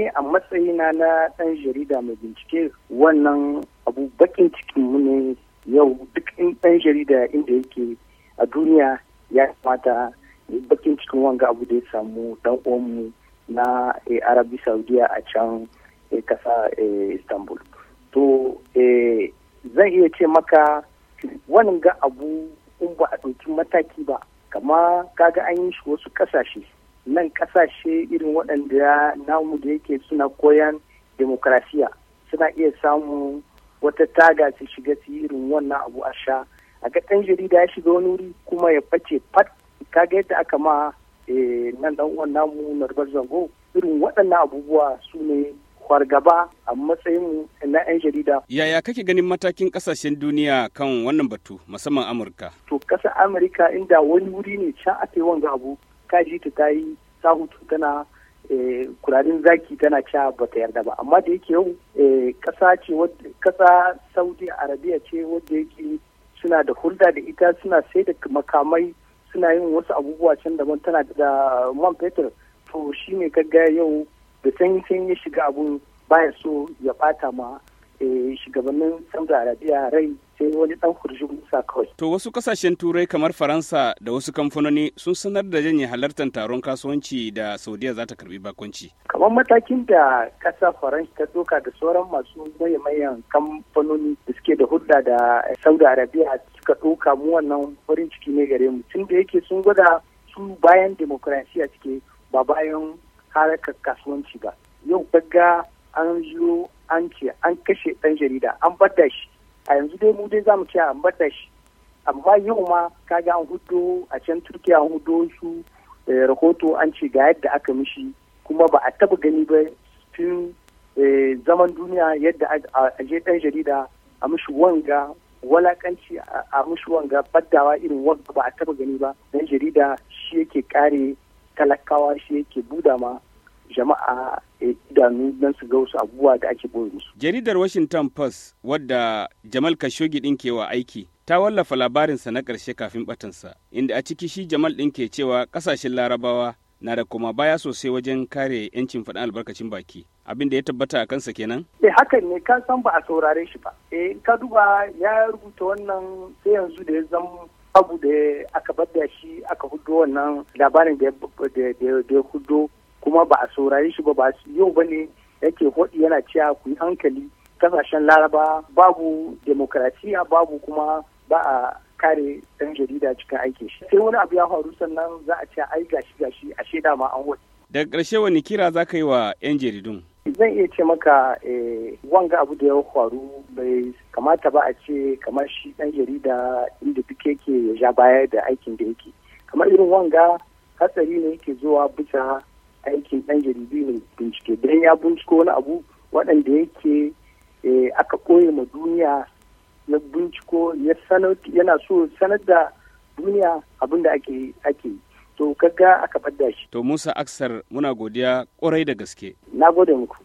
ni a matsayina na ɗan jarida mai bincike wannan abu bakin cikin ne yau duk ɗan jarida inda yake a duniya ya kamata bakin cikin wanga abu da ya samu dan mu na eh, arabi saudiya a can kasa eh, eh, istanbul to zan iya ce maka wannan ga abu in ba a ɗauki mataki ba kama kaga an yi shi wasu ƙasashe nan kasashe irin waɗanda namu da yake suna koyan demokrasiya suna iya samu wata taga su shiga su irin wannan abu a sha a ga ɗan jarida ya shiga wani wuri kuma ya face fat kaga yadda aka ma eh, nan dan uwan namu narbar zango irin waɗannan abubuwa su ne fargaba a matsayin na 'yan jarida. Yaya kake ganin matakin kasashen duniya kan wannan batu musamman Amurka? To ƙasar Amurka inda wani wuri ne can a yi wanga abu kaji ta ta yi ta tana eh, kurarin zaki tana cewa bata yarda ba amma da yake yau eh, kasa ce kasa saudi arabiya ce wadda yake suna da hulɗa da ita suna sai da makamai suna yin wasu abubuwa can daban tana da man fetur to shi ne gaggaya yau da sanyi ya shiga abun baya so ya bata ma shugabannin saudi arabiya rai sai wani dan kurji musa kawai. to wasu kasashen turai kamar faransa da wasu kamfanoni sun sanar da janye halartar taron kasuwanci da saudiya za ta karbi bakonci. kamar matakin da kasa faransa ta doka da sauran masu mayan kamfanoni da suke da hudda da saudi arabiya suka doka mu wannan farin ciki ne gare mu tun da yake sun gwada su bayan demokrasiya suke ba bayan harkar kasuwanci ba yau ga an zo an ce an kashe ɗan jarida an bada shi a yanzu dai mu dai zamu ce an bada shi amma yau ma kaga an hudu a can turkiya an hudo su eh, rahoto an ce ga yadda aka mishi kuma ba a taba gani ba tun eh, zaman duniya yadda a je ɗan jarida a mishi wanga walakanci a mishi wanga baddawa irin wanga ba a taba gani ba ɗan jarida shi yake kare talakawa shi yake buda ma jama'a eh, idanu don su ga wasu abubuwa da ake boye musu. Jaridar Washington Post wadda Jamal Khashoggi din ke wa aiki ta wallafa labarinsa na ƙarshe kafin batansa inda a ciki shi Jamal din ke cewa ƙasashen Larabawa na da koma baya sosai wajen kare 'yancin faɗin albarkacin baki abin da ya tabbata a kansa kenan? Eh hakan ne ka san ba a saurare shi ba. Eh ka duba ya rubuta wannan sai yanzu da ya zama abu da aka bada shi aka hudo wannan labarin da ya hudo kuma ba a saurare shi ba ba yau ba ne yake hodi yana cewa ku yi hankali kasashen laraba babu demokratiya babu kuma ba a kare ɗan jarida cikin aikin shi sai wani abu ya faru sannan za a ce ai gashi gashi a shaida ma an hodi daga karshe wani kira za ka yi wa 'yan jaridun zan iya ce maka eh, wanga abu da ya faru bai kamata ba a ce kamar shi ɗan jarida inda duk yake ya ja baya da aikin da yake kamar irin wanga hatsari ne yake zuwa bisa aikin ɗan jaridu ne bincike don ya binciko wani abu waɗanda yake eh, aka koye ma duniya ya binciko yana so sanar da duniya abin da ake ake to kaga aka fadda shi to musa aksar muna godiya kwarai da gaske na gode muku